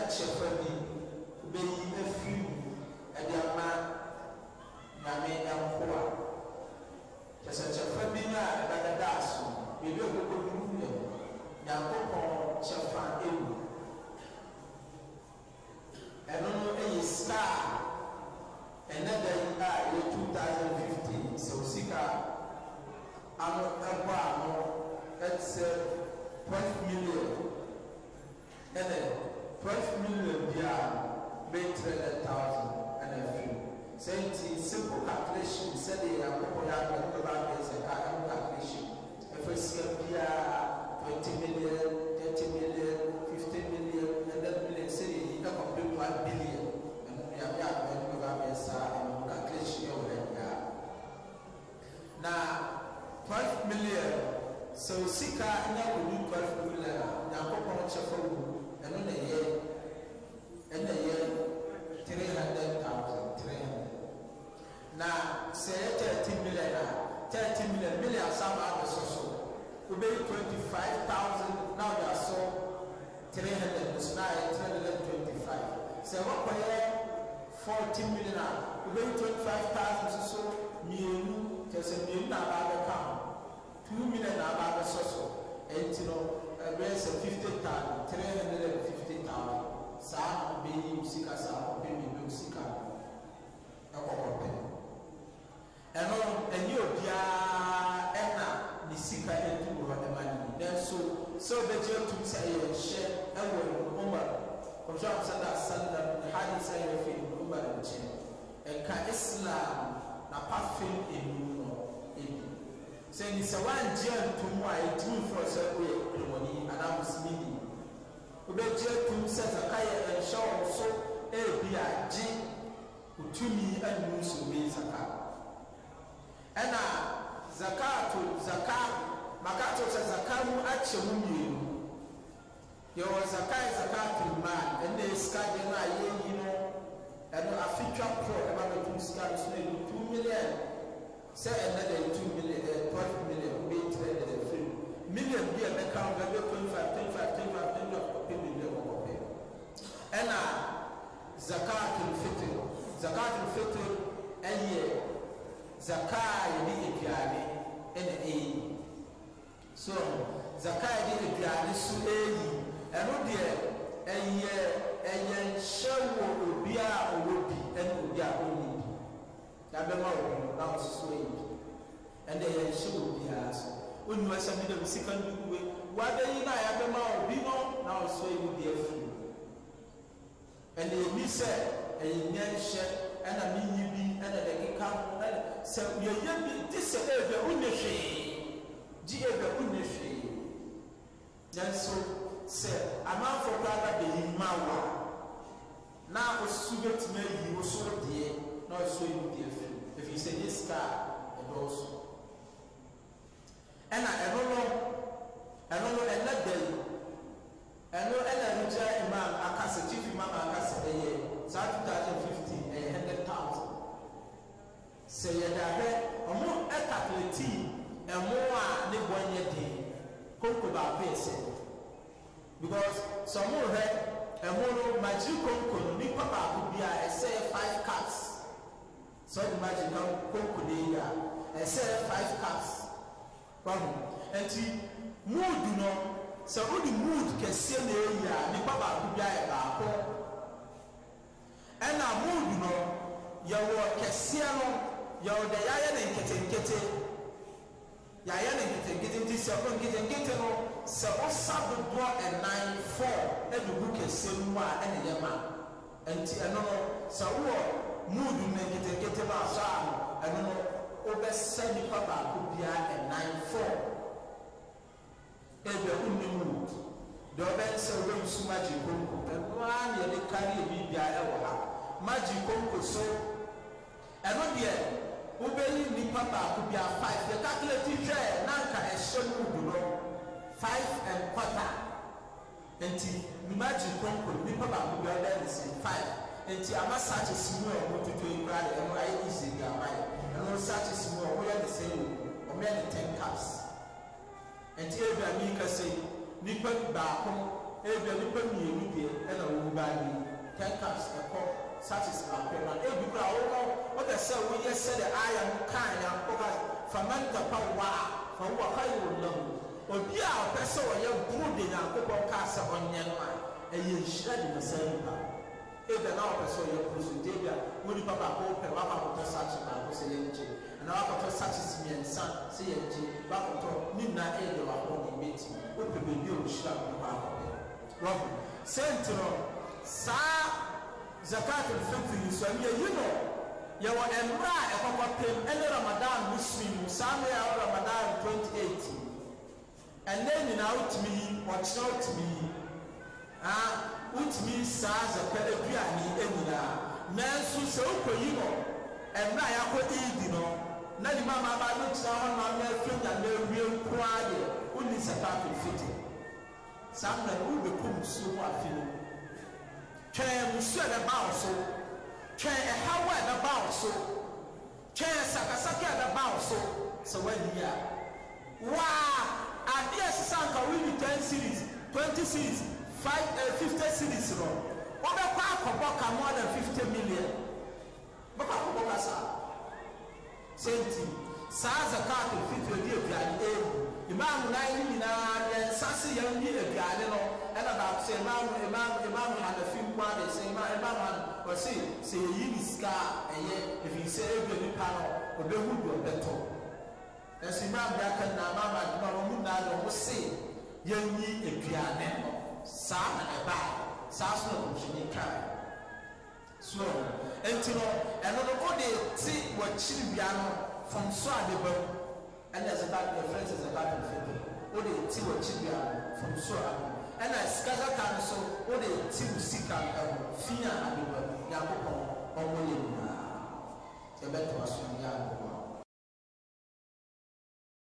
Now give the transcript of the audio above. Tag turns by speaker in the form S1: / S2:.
S1: that's your shepherd thousand three hundred and fifty thousand saa na ɔbɛ yi o sika saa ɔbɛ mi bi o sika ɛkɔ ɔbɛ ɛno ɛnyɛ obiara ɛna ne sika ɛtu wɔ ɛma ne mu nanso sɛ ɔbɛgye atum sɛ ɛyɛ hyɛ ɛwɔ ɛnumar ɔhwɛ ɔsɛdɛ asɛnda hali sɛ ɛyɛ fi ɛnumar nkyɛn ɛka islam na pafin ɛnum no ɛbi sɛ nisɛ wangye atum a ɛtum fɔ sɛ ɔyɛ ɛwɔ ne yɛwɔ zakai zakatul mal ɛnna sika deɛ no a yɛyi no ɛno afe twa korɔ ɛma bɛtum sika no so na ɛnu two million sɛ ɛnna deɛ two million ɛɛ twelve million bɛyi tiri ɛnna deɛ firi million bi a bɛka ho bɛbɛ twenty five twenty five twenty five twenty five kɔpɛ million wɔ kɔpɛ ɛnna zakatul fitr zakatul fitr ɛyɛ zakaa yɛ de ɛna ɛyi so zakaa yɛ de so ɛyi ɛno deɛ ɛyɛ ɛyɛ nhyɛ wɔ obi a ɔwɔ bi ɛne obi a ɔnni bi na bɛma wɔ no na ɔsoso yɛ bi ɛnna ɛyɛ nhyɛ wɔ obiara so ɔnni wɔ sɛ ɛdɛm sika no bi wada yi na yɛbɛma obi no na ɔsoso yɛ bi afiri ɛnna ɛni sɛ ɛyɛ nyɛ nhyɛ ɛna ne nyi bi ɛna de keka ho ɛna sɛ yɛyɛ bi gye sɛ ɛbɛ ɔnni hwee gye ɛbɛ ɔnni hwee nanso. sɛ amanfoɔ ma a na osusu bɛtumi ayi wo deɛ na ɔso yi deɛ firi ɛfiri sɛ nye sika a ɛdɔɔso ɛna ɛno no ɛno no ɛna dɛm ɛno ɛna ɛnugya imam akasa chief imam akasa ɛyɛ saa two thousand fifteen ɛyɛ hundred thousand sɛ ɔmo ɛmo a ne bɔ nyɛ den baako yɛ because sɛ mo hwɛ ɛmo no magyiri konko no nipa baako bi a ɛsɛ five cars sɛ ɔde magyiri na konko no yi a ɛsɛ five cars wahu nti mood no sɛ wode mood kɛseɛ na ɛyi a nipa baako bi ayɛ baako ɛna mood no yɛwɔ kɛseɛ no yɛwɔ dɛ yɛayɛ ne nketenkete yɛayɛ ne nketenkete nti sɛ ɔkɔ nketenkete no sɛ ɔsa dodoɔ ɛnan four ɛdugu kɛseɛ mu a ɛna yɛ ma nti ɛno no sɛ wowɔ muudu na nketenkete baako a ɛno no wobɛsɛ nipa baako biara ɛnan four ebi ɛho nnim wo deɛ ɔbɛnsa wobɛnsu magye konko ɛno ara na yɛde kari ebi biara ɛwɔ ha magye konko so ɛno deɛ wobɛyi nipa baako biara five yɛ calculate hwɛ na nka ɛhyɛ muudu no. nkonko nipa baako bi ɔda ne se five nti ama sachets mu a ɔmo tutu ekura yɛ ɛmo ayɛ easy di ama yɛ ɛno sachets mu a ɔmo yɛ ne se wo ɔmo yɛ ne ten caps nti ebi a mi kasa yi nipa baako ebi a nipa mmienu deɛ ɛna ɔmo baa bi ten caps ɛkɔ sachets baako na ebi kura ɔmo ɔda sɛ ɔyɛ sɛ de ayɛ no kan yɛ akɔba famanta pa waa fa wo wa ka yi wɔn na ho obi a ɔpɛ sɛ ɔyɛ buru de nyankopɔn kaa sɛ ɔnyɛ no a ɛyɛ nhyira de mɛsa nipa ebe na ɔpɛ sɛ ɔyɛ kurusu deebi a wɔn nipa baako pɛ waba akɔtɔ sakye baako sɛ yɛn gye ana wakɔtɔ sakye si mmiɛnsa sɛ yɛn gye wakɔtɔ ne nyinaa ɛyɛ deɛ wakɔ ne meti wɔpɛ beebi a wɔhyira wɔn baako pɛ wɔho sɛnti no saa zakat nfɛnfu so ɛmi ɛyi no yɛwɔ mmerɛ a ɛkɔkɔ pɛm ɛne ramadan muslim saa mmerɛ a ramadan twenty eight ɛnna nyinaa wotumi yi ɔkyerɛ wotumi yi a wotumi saa zɛpɛ aduane nyinaa nanso sɛ wokɔyi no mmerɛ a yɛakɔ eidi no na ne mamaaba no gyina hɔ na ɔno afiri nyame awie nkoa deɛ wonni sɛpɛ afirifiti saa mmerɛ no wobɛkɔ musuo mu afe no twɛn musuo a ɛbɛba wo so twɛn ɛhaw a ɛbɛba wo so twɛn sakasaka a ɛbɛba wo so sɛ woani a waa adeɛ sesa nka woyi 10 series 20 series five eh, fifty cities no wɔbɛkɔ akɔbɔ ka more than fifty million bɛkɔ akɔbɔ ka saa senti saa zakat fitiri di aduane ewu imaamu nan nyinaa yɛ nsase yɛn di aduane no ɛna baako sɛ imaamu imaamu imaamu hanafi nko ade sɛ imaamu imaamu hanafi wɔsi sɛ yɛyi ne sika ɛyɛ efi sɛ ebi nipa no ɔbɛhu do ɔbɛtɔ ɛsɛ imaamu yɛ aka nyinaa maamu aduma wɔn mu nyinaa yɛ wɔn se yɛn yi aduane no saa na ɛbaa saa so na wɔnhyɛnni kaa so nti no ɛno no wɔde ti wɔkyiri wia no fam so a beba mu ɛna ɛsɛ baa bia fɛn sɛ ɛsɛ baa bia fɛn bi wɔde ti wɔkyiri wia no fam so a beba mu ɛna sikasa kan so wɔde ti wɔ sika ɛwɔ fi a abeba mu nyakopɔn ɔmo yɛ nyinaa yɛbɛtɔ aso nyinaa wɔ